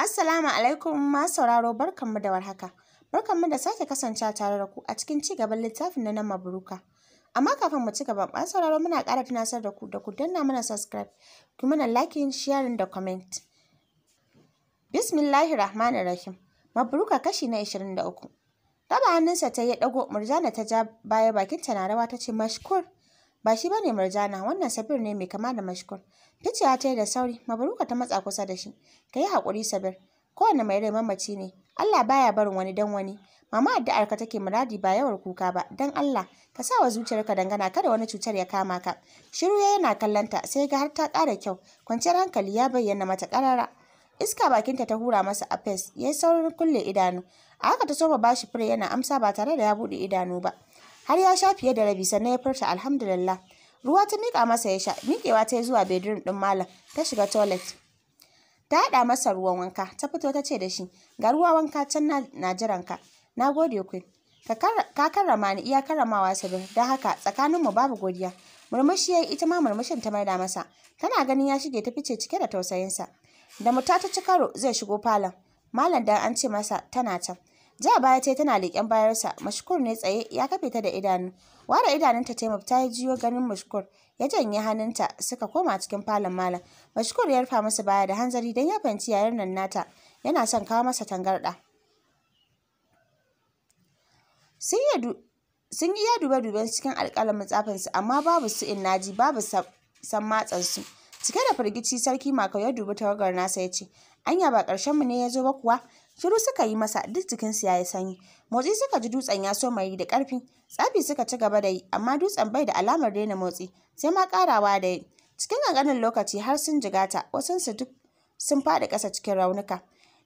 Assalamu alaikum ma sauraro barkanmu da warhaka. Barkanmu da sake kasancewa tare da ku a cikin ci gaban littafin na Mabruka. Amma kafin mu ci gaba, ma sauraro muna ƙara tunasar da ku da ku danna mana subscribe, ku mana liking, sharing da comment. Bismillahir Rahmanir Rahim. Mabruka kashi na 23. Raba hannunsa ta ya dago Murjana ta ja baya bakinta na rawa ta ce mashkur. ba shi ba ne Marjana? wannan sabir ne mai kama da mashkur ficewa ta yi da sauri mabaruka ta matsa kusa da shi ka yi haƙuri sabir kowane mai rai mamaci ne allah baya barin wani dan wani mama addu'ar ka take muradi ba yawar kuka ba dan allah ka sa wa zuciyarka dangana kada wani cutar ya kama ka shiru ya yana kallanta sai ga har ta ƙara kyau kwanciyar hankali ya bayyana mata ƙarara iska bakinta ta hura masa a fes ya yi saurin kulle idanu a haka ta soba bashi fure yana amsa ba tare da ya buɗe idanu ba har ya sha fiye da rabi sannan ya furta alhamdulillah ruwa ta miƙa masa ya sha miƙewa ta yi zuwa bedroom ɗin malam ta shiga toilet ta haɗa masa ruwan wanka ta fito ta ce da shi ga ruwa wanka can na jiranka na gode ku ka karrama ni iya karramawa sabir don haka tsakaninmu babu godiya murmushi ya yi ita ma murmushin ta maida masa tana ganin ya shige ta fice cike da tausayinsa da mu ta ci karo zai shigo falon malam dan an ce masa tana can ja baya ta tana leƙen bayarsa mashkur ne tsaye ya kafe ta da idanu ware idanunta taimab ta yi jiyo ganin mashkur ya janye hannunta suka koma cikin falon malam mashkur ya rufa masa baya da hanzari don ya fahimci yayar nan nata yana son kawo masa tangarɗa sun ya dube-duben cikin alƙalamin tsafinsu amma babu su in babu san su cike da firgici sarki makau ya dubi tawagar nasa ya ce anya ba ƙarshen mu ne ya zo ba kuwa Shiru suka yi masa duk jikinsu ya yi sanyi. Motsi suka ji dutsen ya so mai da ƙarfi. Tsafi suka ci gaba da yi amma dutsen bai da alamar daina motsi sai ma ƙarawa da yi. Cikin ƙanƙanin lokaci har sun jigata wasansu duk sun faɗi ƙasa cikin raunuka.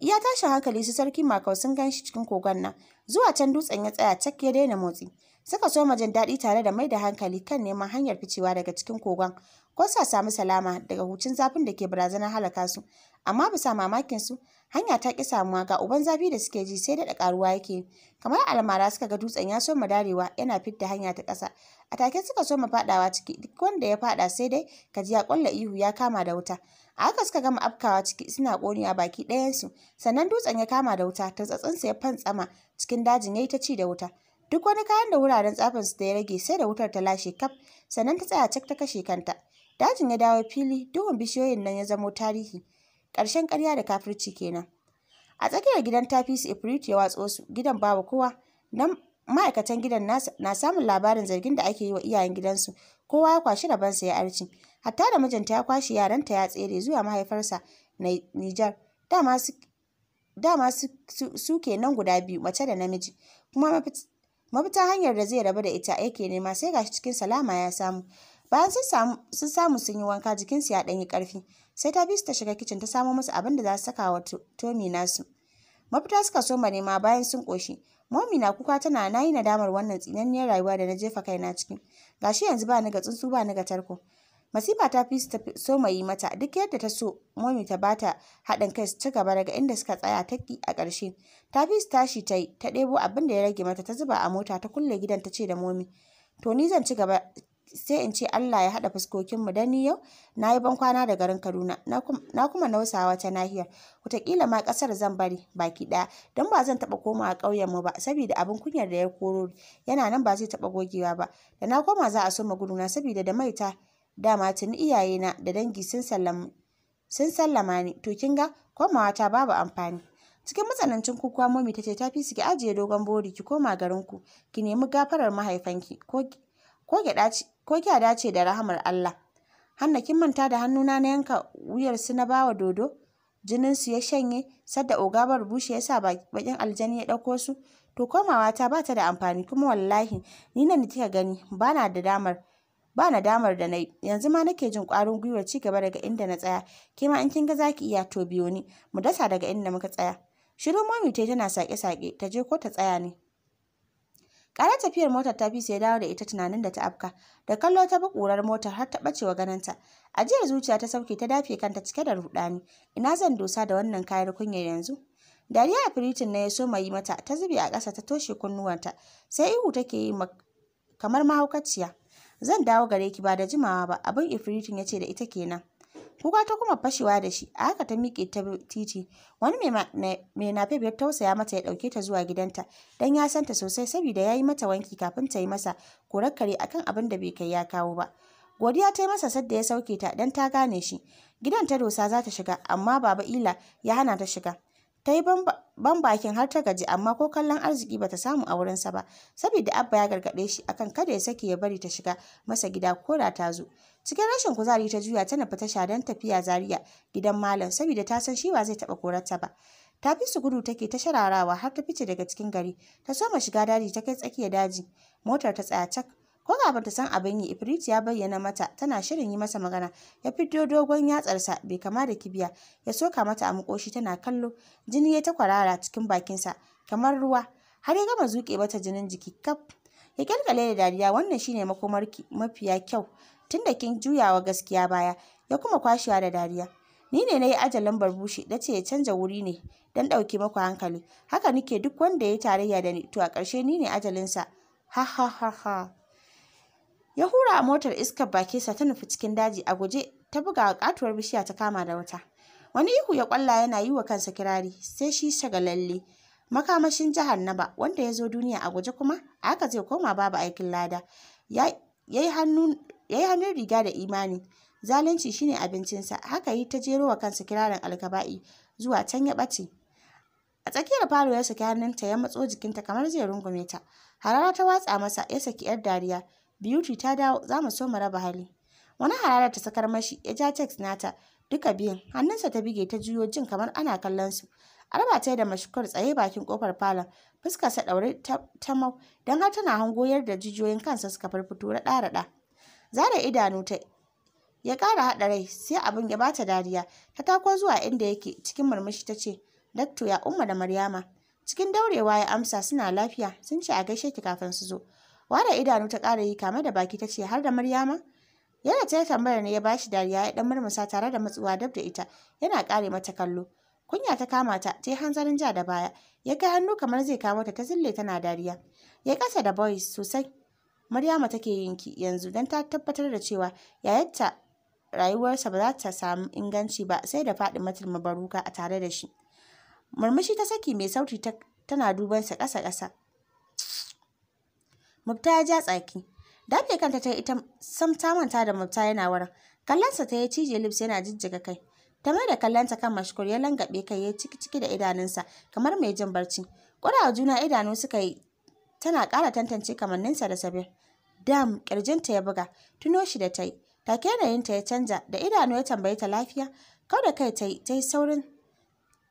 Iya tashin hankali su sarki makau sun gan shi cikin kogon nan. Zuwa can dutsen ya tsaya cak ya daina motsi. Suka so jin daɗi tare da mai da hankali kan neman hanyar ficewa daga cikin kogon. Ko sa samu salama daga hucin zafin da ke barazanar halaka su. Amma bisa mamakin su hanya ta ƙi samuwa ga uban zafi da suke ji sai daɗa ƙaruwa yake kamar almara suka ga dutsen ya soma darewa yana fidda hanya ta ƙasa a take suka soma fadawa ciki duk wanda ya fada sai dai ka ji ya kwalla ihu ya kama da wuta a haka suka gama afkawa ciki suna ƙoniya baki ɗayansu sannan dutsen ya kama da wuta ta tatsatsinsa ya fantsama cikin dajin ya yi ta ci da wuta duk wani kayan da wuraren su da ya rage sai da wutar ta lashe kaf sannan ta tsaya cak ta kashe kanta dajin ya dawo fili duhun bishiyoyin nan ya zamo tarihi ƙarshen ƙarya da kafirci kenan a tsakiyar gidan su ifrit ya watso su gidan babu kowa na ma'aikatan gidan na samun labarin zargin da ake yi wa iyayen gidansu kowa ya kwashi rabansa ya arci hatta da mijinta ya kwashe yaranta ya tsere zuwa mahaifarsa na Nijar dama su dama ke nan guda biyu mace da namiji kuma mafita hanyar da zai rabu da ita yake nema sai gashi cikin salama ya samu bayan sun samu sun yi wanka jikinsu ya ɗanyi ƙarfi sai ta bi su ta shiga kicin ta samo musu abin da za su saka wa Tomi nasu. Mafita suka so ma nema bayan sun ƙoshi. Momi na kuka tana na yi nadamar wannan tsinanniyar rayuwa da na jefa kaina ciki. Gashi yanzu ba ni ga tsuntsu ba ni ga tarko. Masifa ta fi ta so mai yi mata duk yadda ta so Momi ta bata haɗin kai su ci gaba daga inda suka tsaya taki a ƙarshe. Ta fi su tashi ta yi ta ɗebo abin da ya rage mata ta zuba a mota ta kulle gidan ta ce da Momi. To ni zan ci gaba sai in ce Allah ya haɗa fuskokinmu don ni yau na yi bankwana da garin Kaduna na kuma nausawa ta nahiyar wataƙila ma ƙasar zan bari baki ɗaya don ba zan taɓa komawa ƙauyenmu ba saboda abin kunyar da ya koro yana nan ba zai taɓa gogewa ba da na koma za a so guduna saboda da mai ta dama tuni iyayena da dangi sun sallama ni to kin ga komawa ta babu amfani cikin matsanancin kukuwa momi ta ce ta fi suke ajiye dogon bori ki koma garinku ki nemi gafarar mahaifanki ko ko gyada ce da rahamar Allah Hanna kin manta da hannuna na yanka wuyar su na bawa dodo jinin su ya shanye sadda ogabar bushe yasa bakin aljani ya ɗauko su to komawa ta bata da amfani kuma wallahi ni nan kika gani bana da damar ba damar da na yi yanzu ma nake jin ƙwarin gwiwar ci gaba daga inda na tsaya ke ma in kin ga zaki iya to biyo ni mu dasa daga inda muka tsaya shirin mami tai tana sake-sake ta je ko ta tsaya ne Ƙarar tafiyar motar ta fi ya dawo da ita tunanin da ta afka, da kallo ta bi ƙurar motar har ta ɓacewa ganinta. Ajiyar zuciya ta sauke ta dafe kanta cike da ruɗani, ina zan dosa da wannan kayar kunya yanzu? Dariya a firitin na ya so yi mata, ta zube a ƙasa ta toshe kunnuwanta, sai ihu take yi kamar mahaukaciya. Zan dawo gare ki ba da jimawa ba, abin ifiritin ya ce da ita kenan. kuka ta kuma fashewa da shi a haka ta miƙe ta titi wani mai nafef ya tausaya mata ya ɗauke ta zuwa gidanta dan ya santa sosai saboda ya yi mata wanki kafin ta yi masa korakare kare kan abin da bai kai ya kawo ba godiya ta yi masa sadda ya sauke ta dan ta gane shi gidan ta dosa za ta shiga amma baba ila ya hana ta shiga ta yi ban bakin har ta gaji amma ko kallon arziki bata samu a wurinsa ba saboda abba ya gargaɗe shi akan kada ya sake ya bari ta shiga masa gida ko da ta zo cikin rashin kuzari ta juya ta nufi tasha don tafiya zaria gidan malam saboda ta san shi ba zai taɓa korarta ba ta fi su gudu take ta shararawa har ta fice daga cikin gari ta soma shiga daji ta kai tsakiyar daji motar ta tsaya cak Ko ba ta san abin yi, Ifrit ya bayyana mata tana shirin yi masa magana. Ya fito dogon yatsarsa bai kama da kibiya, ya soka mata a makoshi tana kallo. Jini ya ta kwarara cikin bakinsa kamar ruwa. Har ya gama zuke mata jinin jiki kaf. Ya kyalkale da dariya wannan shine makomarki mafiya kyau. Tunda kin juyawa gaskiya baya, ya kuma kwashewa da dariya. Ni ne na yi ajalin barbushi da ce ya canza wuri ne don ɗauke maku hankali. Haka nike duk wanda ya yi tarayya da ni to a ƙarshe ni ne ajalinsa. Ha ha ha ha. Ya hura a motar iskar bakinsa ta nufi cikin daji a guje ta buga katuwar bishiya ta kama da wata. Wani ihu ya kwalla yana yi wa kansa kirari sai shi shagalalle. Makamashin jihar Naba, wanda ya zo duniya a guje kuma aka zai koma babu aikin lada. Ya yi hannun riga da imani. Zalunci shine abincinsa haka yi ta jero wa kansa kirarin alkaba'i zuwa can ya ɓace. A tsakiyar falo ya saki hannunta ya matso jikinta kamar zai rungume ta. Harara ta watsa masa ya saki 'yar dariya Beauty ta dawo za mu so mu raba hali. Wani harara ta sakar mashi ya ja text nata duka biyun hannunsa ta bige ta juyo jin kamar ana kallon su. Arba ta da mashkur tsaye bakin kofar falon sa ɗaure ta mau don har tana hango yadda jijiyoyin kansa suka farfito raɗa raɗa. Zara idanu ta ya kara haɗa rai sai abin ya bata dariya ta tako zuwa inda yake cikin murmushi ta ce dakto ya umma da maryama cikin daurewa ya amsa suna lafiya sun ce a gaishe ki kafin su zo wada idanu ta ƙara yi kama da baki ta ce har da maryama yana ta tambaya ne ya bashi dariya ya dan murmusa tare da matsuwa dab da ita yana ƙare mata kallo kunya ta kama ta ta yi hanzarin ja da baya ya kai hannu kamar zai kawo ta ta zille tana dariya ya kasa da boys sosai maryama take yinki yanzu don ta tabbatar da cewa yayarta rayuwarsa ba za ta samu inganci ba sai da faɗi matar mabaruka a tare da shi murmushi ta saki mai sauti tana dubansa kasa ƙasa-ƙasa Mubta ya ja tsaki. Dafe kanta ta ita sam ta manta da Mubta yana wurin. Kallonsa ta ya cije lips yana jijjiga kai. Ta mai da kallonta kan mashkur ya langabe kai ya ciki ciki da idanunsa kamar mai jin barci. Ƙurawa juna idanu suka yi tana kara tantance kamanninsa da Sabir. Dam ƙirjinta ya buga tuno shi da ta yi. Take yanayinta ya canza. da idanu ya tambaye ta lafiya. Kau da kai ta yi saurin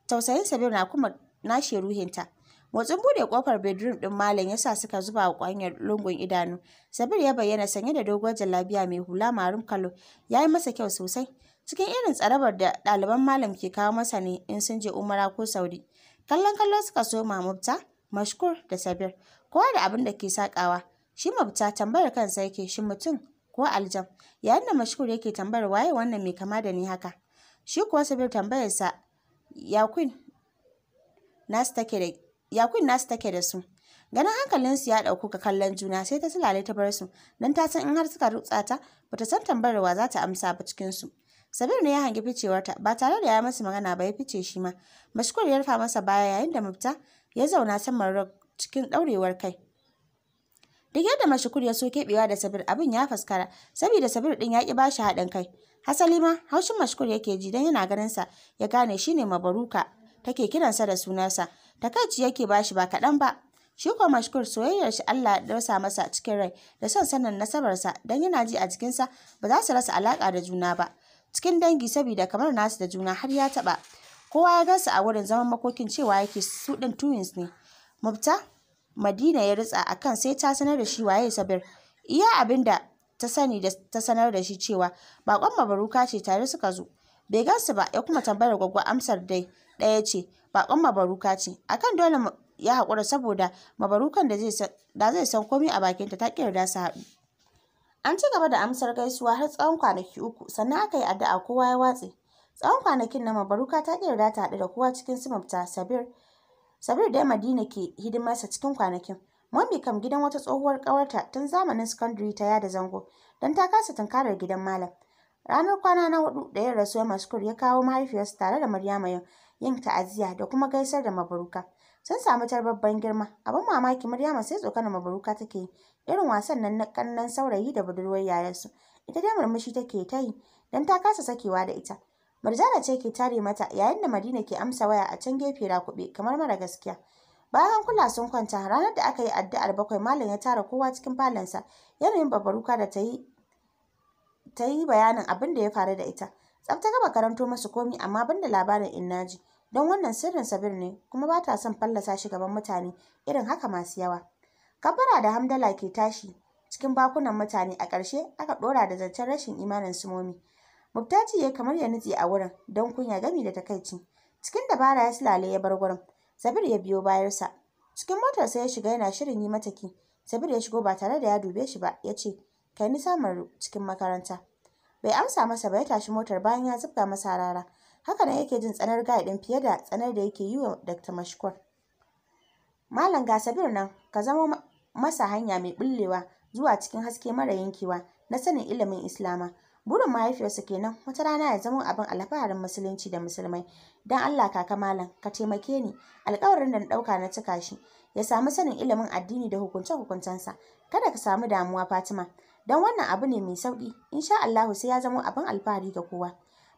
tausayin Sabir na kuma nashe ruhinta. motsin bude kofar bedroom din malam yasa suka zuba wa kwanyar lungun idanu sabir ya bayyana sanye da doguwar jalabiya mai hula marun kalo ya yi masa kyau sosai cikin irin tsarabar da ɗaliban malam ke kawo masa ne in sun je umara ko saudi kallon kallo suka so mamubta mashkur da sabir kowa da abin da ke sakawa shi mabta tambayar kansa yake shi mutum ko aljam yayin da mashkur yake tambayar waye wannan mai kama da ni haka shi kuwa sabir tambayarsa ya queen nasu take da ya yakun nasu take da su ganin hankalin su ya ɗauko ka kallon juna sai ta silale ta bar su don ta san in har suka rutsa ta bata san tambayarwa za ta amsa ba cikin su Sabir ne ya hangi ta ba tare da ya masa magana ba ya fice shi ma Mashkur ya rufa masa baya yayin da mafita ya zauna saman rug cikin daurewar kai duk yadda mashkur ya so kebewa da sabir abin ya faskara saboda sabir din ya ki bashi haɗin kai hasali ma haushin mashkur yake ji dan yana ganin sa ya gane shine mabaruka take kiransa da sunansa takaici yake bashi ba kaɗan ba shi ko mashkur soyayyar shi Allah ya dausa masa cikin rai da son sanin nasabarsa dan yana ji a jikinsa ba za su rasa alaka da juna ba cikin dangi saboda kamar nasu da juna har ya taɓa? kowa ya gansu a wurin zaman makokin cewa yake su ɗin twins ne mubta madina ya ritsa akan sai ta sanar da shi waye sabir iya abinda ta sani da ta sanar da shi cewa bakon mabaruka ce tare suka zo bai gansu ba ya kuma tambayar gwaggwa amsar dai ɗaya ce baƙon mabaruka ce akan dole ya haƙura saboda mabarukan da zai san komai a bakinta ta yarda su haɗu an ci gaba da amsar gaisuwa har tsawon kwanaki uku sannan aka yi addu'a kowa ya watse tsawon kwanakin na mabaruka ta yarda ta haɗu da kowa cikin su sabir sabir da madina ke hidimarsa cikin kwanakin Mommy kam gidan wata tsohuwar ƙawarta tun zamanin secondary ta yada zango don ta kasa tunkarar gidan malam. Ranar kwana na hudu da yin rasuwar maskur ya kawo mahaifiyarsa tare da Maryama yau yin ta'aziyya da kuma gaisar da mabaruka sun samu tarbabban girma abin mamaki maryama sai tsokanar mabaruka take yi irin wasan nan na kannan saurayi da budurwar yayansu ita dai murmushi take ta yi don ta kasa sakewa da ita Murjana ce ke tare mata yayin da Madina ke amsa waya a can gefe kuɓe kamar mara gaskiya. Bayan kula sun kwanta ranar da aka yi addu'ar bakwai malam ya tara kowa cikin falonsa yanayin babaruka da ta yi bayanin abin da ya faru da ita. Tsaftaka makaranto gaba masu komi amma banda labarin innaji don wannan sirrin sabir ne kuma ba ta son fallasa shi gaban mutane irin haka masu yawa. Kabbara da hamdala ke tashi cikin bakunan mutane a ƙarshe aka ɗora da zancen rashin imanin sumomi. Mubtaci ya kamar ya nutse a wurin don kunya gami da takaici. Cikin dabara ya silale ya bar gurin. Sabir ya biyo bayarsa. Cikin motarsa ya shiga yana shirin yi mataki. Sabir ya shigo ba tare da ya dube shi ba ya ce, Kai ni samun cikin makaranta. bai amsa masa ba ya tashi motar bayan ya zubga masa rara haka ne yake jin tsanar gaɗin fiye da tsanar da yake yi wa Dr. Mashkur Malam Gasabir nan ka zama masa hanya mai bullewa zuwa cikin haske mara yankewa na sanin ilimin Islama burin mahaifiyarsa kenan wata rana ya zama abin alfaharin musulunci da musulmai don Allah kaka malam ka taimake ni alkawarin da na ɗauka na cika shi ya samu sanin ilimin addini da hukunce hukuncensa kada ka samu damuwa Fatima don wannan abu ne mai sauƙi insha Allahu sai ya zama abin alfahari ga kowa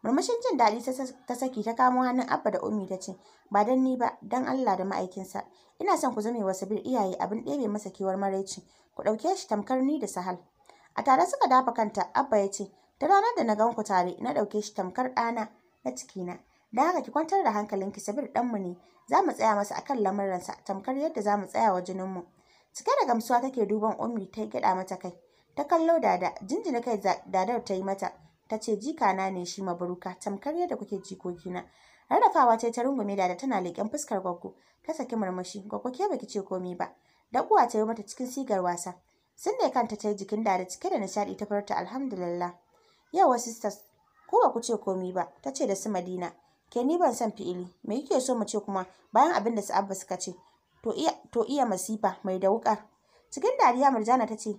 murmushin jin daɗi ta saki ta kamo hannun abba da ummi ta ce ba dan ni ba dan Allah da ma'aikinsa ina son ku zame wasu bir iyaye abin ɗebe masa kewar maraici ku ɗauke shi tamkar ni da sahal a tare suka dafa kanta abba ya ce ta ranar da na gan ku tare na ɗauke shi tamkar ɗana na cikina da haka ki kwantar da hankalinki sabir mu ne za mu tsaya masa akan lamuransa tamkar yadda za mu tsaya wa jininmu cike da gamsuwa take duban ummi ta gyaɗa mata kai ta kallo dada jinjina kai dadar ta yi mata ta ce na ne shi mabaruka tamkar yadda kuke jikokina rarrafawa ce ta rungume dada tana leƙen fuskar gwaggo ta saki murmushi gwaggo ke baki ce komi ba dakuwa ta yi mata cikin sigar wasa sun ne kanta ta yi jikin dada cike da nishaɗi ta farta alhamdulillah yawa sisters ko ba ku ce komai ba ta ce da su madina ke ni ban san fi'ili me kike so mu ce kuma bayan abin da su abba suka ce to iya masifa mai da wukar cikin dariya murjana ta ce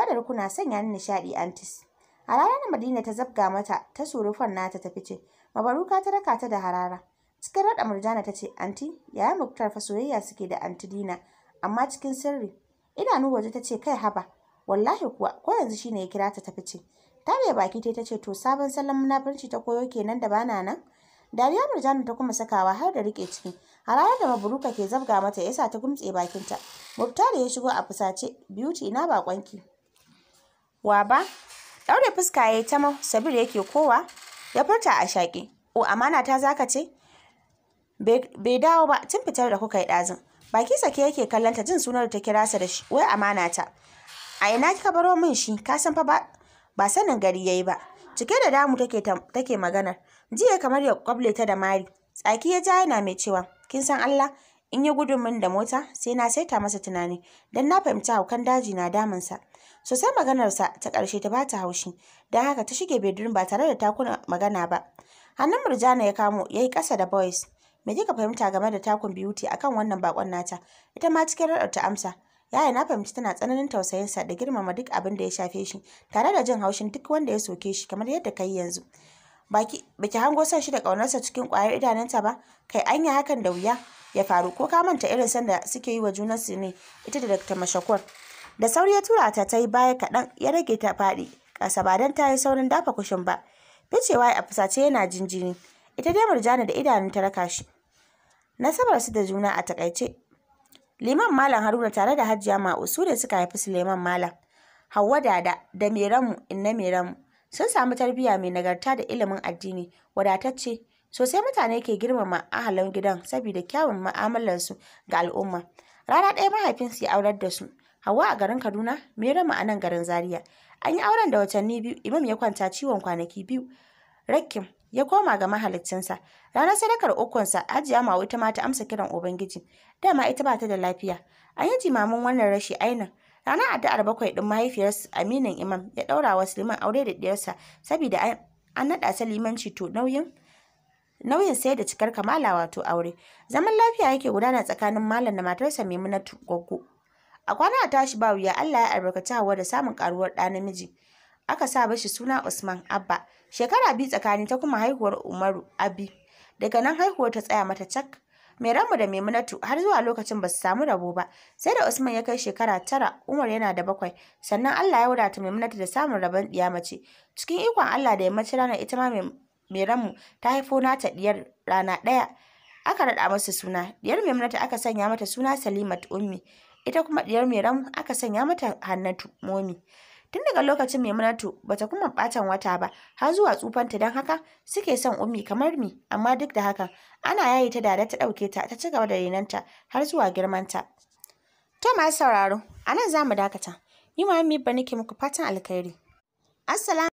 fadar kuna sanya ni nishaɗi antis a da madina ta zabga mata ta surufan nata ta fice mabaruka ta raka ta da harara cikin raɗa murjana ta ce anti yaya muktar fa soyayya suke da anti dina amma cikin sirri idanu waje ta ce kai haba wallahi kuwa ko yanzu shi ne ya kira ta ta fice ta bai baki ta ta ce to sabon salon munafurci ta koyo kenan da bana nan dariya murjana ta kuma sakawa har da rike ciki a ranar da mabaruka ke zabga mata yasa ta gumtse bakinta muktar ya shigo a fusace beauty ina bakonki wa ba ɗaure fuska ya yi sabir yake kowa ya furta a shaƙi o amana ta zaka ce bai dawo ba tun fitar da kuka yi ɗazun baki sake yake kallon ta jin sunar ta kira sa da shi wai amana ta a ina kika baro min shi ka san fa ba sanin gari yayi ba cike da damu take take maganar jiya kamar ya kwable ta da mari tsaki ya ja yana mai cewa kin san Allah in ya gudun min da mota sai na saita masa tunani dan na fahimci haukan daji na damunsa sosai maganarsa ta ƙarshe ta bata haushi don haka ta shige bedroom ba tare da takuna magana ba hannun murjana ya kamo ya yi kasa da boys me kika fahimta game da takun beauty akan wannan bakon nata ita ma cikin raɗar ta amsa yaya na fahimci tana tsananin tausayinsa da girmama duk abin da ya shafe shi tare da jin haushin duk wanda ya soke shi kamar yadda ka yi yanzu baki baki hango son shi da ƙaunarsa cikin ƙwayar idanunta ba kai anya hakan da wuya ya faru ko ka manta irin sanda suke yi wa junansu ne ita da Dr. Mashakur da sauri ya tura ta ta yi baya kaɗan ya rage ta faɗi ƙasa ba don ta yi saurin dafa kushin ba ficewa a fusace yana jinjini ita dai murjana da idanun ta raka shi nasabar su da juna a takaice liman malam haruna tare da hajiya usu da suka haifi suleiman malam Hauwa dada da meramu inna meramu sun samu tarbiyya mai nagarta da ilimin addini wadatacce sosai mutane ke girmama ahalan gidan saboda kyawun ma'amalarsu ga al'umma rana ɗaya mahaifinsu ya aurar da su Hauwa, a garin Kaduna, me rama a nan garin Zaria. An yi auren da watanni biyu, Imam ya kwanta ciwon kwanaki biyu. Rakim ya koma ga mahalicinsa. Ranar sadakar ukunsa, ajiya Mawu ita mata amsa kiran Ubangiji. Dama ita ba ta da lafiya. An yi jimamin wannan rashi ainin. Ranar addu'ar bakwai ɗin mahaifiyar Aminin Imam ya ɗaura wa Suleiman aure da ɗiyarsa saboda an naɗa ta limanci to nauyin nauyin sai da cikar kamala wato aure zaman lafiya yake gudana tsakanin malam da matarsa maimunatu goggo a kwana a tashi ba wuya Allah ya albarkaci Hauwa da samun karuwar ɗa namiji aka sa bashi suna Usman Abba shekara biyu tsakani ta kuma haihuwar Umaru Abi daga nan haihuwar ta tsaya mata cak mai ramu da Maimunatu har zuwa lokacin ba su samu rabo ba sai da Usman ya kai shekara tara Umar yana da bakwai sannan Allah ya wadata Maimunatu da samun rabon ɗiya mace cikin ikon Allah da yammacin ranar ita ma mai ramu ta haifo nata ɗiyar rana ɗaya aka raɗa masa suna Ɗiyar Maimunatu aka sanya mata suna Salimat Ummi ita kuma diyar Meram aka sanya mata Hannatu momi. Tun daga lokacin Maimunatu bata kuma batan wata ba har zuwa tsufanta don haka suke son Umi, kamar mi amma duk da haka, ana yayi ta dada ta ɗauke ta ta ci gaba da renanta har zuwa girmanta. To masu sauraro a nan za mu dakata. Ni Muhammad Bani ke muku fatan alkhairi. Assalamu